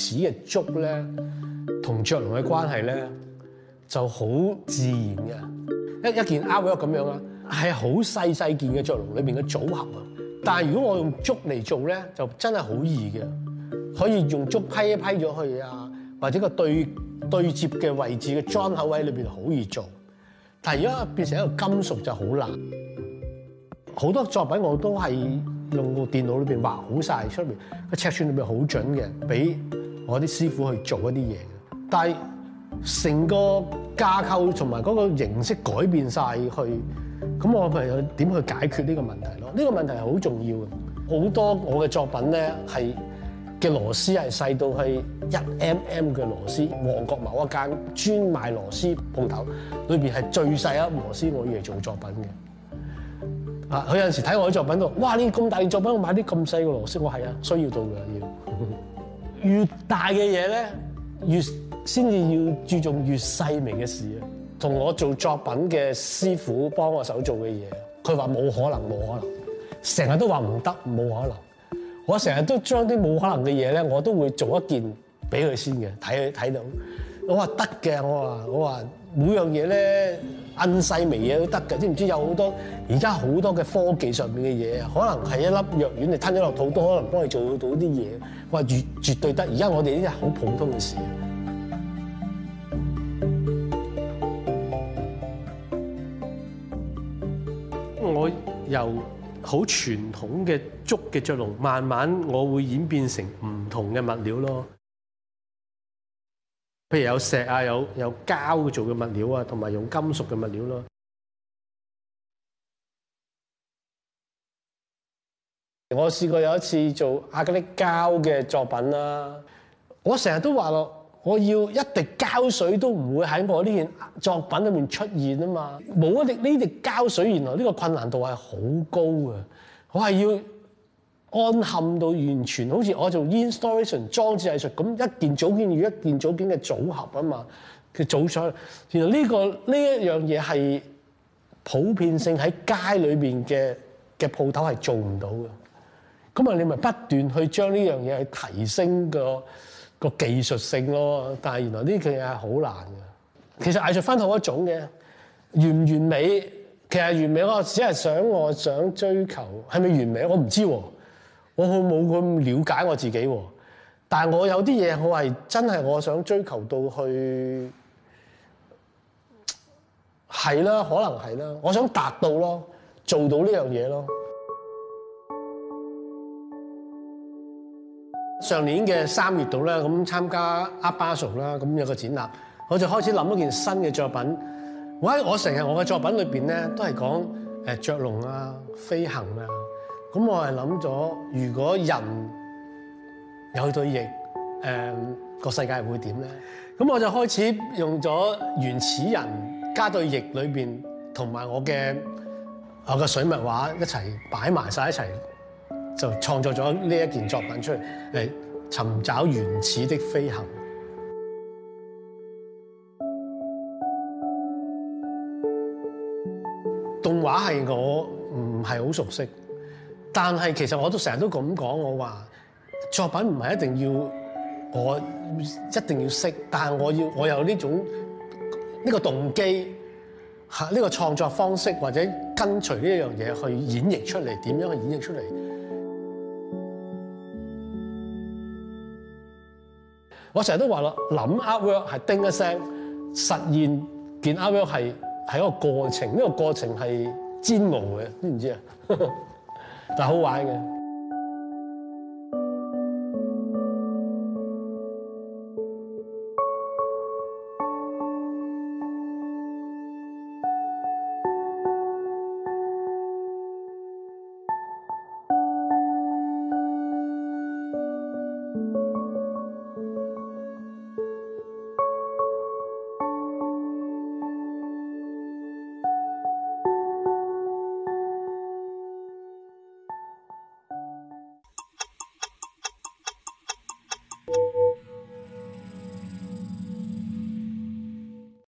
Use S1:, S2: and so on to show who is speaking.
S1: 紙嘅竹咧，同雀籠嘅關係咧就好自然嘅，一一件 outfit 咁樣啦，係好細細件嘅雀籠裏邊嘅組合啊。但係如果我用竹嚟做咧，就真係好易嘅，可以用竹批一批咗去啊，或者個對對接嘅位置嘅裝口位裏邊好易做。但係如果變成一個金屬就好難。好多作品我都係用個電腦裏邊畫好晒，出面，個尺寸裏邊好準嘅，比，我啲師傅去做一啲嘢嘅，但係成個架構同埋嗰個形式改變晒去，咁我咪有點去解決呢個問題咯？呢、這個問題係好重要嘅。好多我嘅作品咧係嘅螺絲係細到去一 mm 嘅螺絲，旺角某一間專賣螺絲鋪頭裏邊係最細粒螺絲，我用嚟做作品嘅。啊，有陣時睇我啲作品度，哇！呢咁大件作品，我買啲咁細嘅螺絲，我係啊，需要到嘅要。 越大嘅嘢咧，越先至要注重越細微嘅事啊！同我做作品嘅師傅幫我手做嘅嘢，佢話冇可能，冇可能，成日都話唔得，冇可能。我成日都將啲冇可能嘅嘢咧，我都會做一件俾佢先嘅，睇佢睇到。我話得嘅，我話我話每樣嘢咧，暗細微嘢都得嘅。知唔知有好多而家好多嘅科技上面嘅嘢啊，可能係一粒藥丸你吞咗落肚，都可能幫你做到啲嘢。我話絕絕對得，而家我哋呢啲係好普通嘅事。我由好傳統嘅竹嘅雀籠，慢慢我會演變成唔同嘅物料咯。譬如有石啊，有有膠做嘅物料啊，同埋用金屬嘅物料咯。我試過有一次做亞克力膠嘅作品啦。我成日都話咯，我要一滴膠水都唔會喺我呢件作品裏面出現啊嘛。冇一滴呢滴膠水，原來呢個困難度係好高嘅。我係要。安冚到完全好似我做 installation 裝置藝術咁，一件組件與一件組件嘅組合啊嘛，嘅組上，原來呢、呢個呢一樣嘢係普遍性喺街裏面嘅嘅鋪頭係做唔到嘅。咁啊你咪不斷去將呢樣嘢去提升個個技術性咯，但係原來呢樣嘢係好難嘅。其實藝術分好多種嘅，完唔完美，其實完美，我只係想，我想追求係咪完美，我唔知喎、啊。我好冇咁了解我自己，但係我有啲嘢我係真係我想追求到去係啦，可能係啦，我想達到咯，做到呢樣嘢咯。 上年嘅三月度咧，咁參加 Art Basel 啦，咁有個展覽，我就開始諗一件新嘅作品。喺我成日我嘅作品裏邊咧都係講誒雀籠啊、飛行啊。咁我係諗咗，如果人有對翼，誒個世界會點咧？咁我就開始用咗原始人加對翼裏邊，同埋我嘅我嘅水墨畫一齊擺埋晒一齊，就創作咗呢一件作品出嚟嚟尋找原始的飛行。動畫係我唔係好熟悉。但係其實我都成日都咁講，我話作品唔係一定要我一定要識，但係我要我有呢種呢、這個動機，嚇、這、呢個創作方式或者跟隨呢一樣嘢去演繹出嚟，點樣去演繹出嚟？ 我成日都話咯，諗 outwork 係叮一聲，實現件 outwork 係一個過程，呢、這個過程係煎熬嘅，知唔知啊？ 就好玩嘅。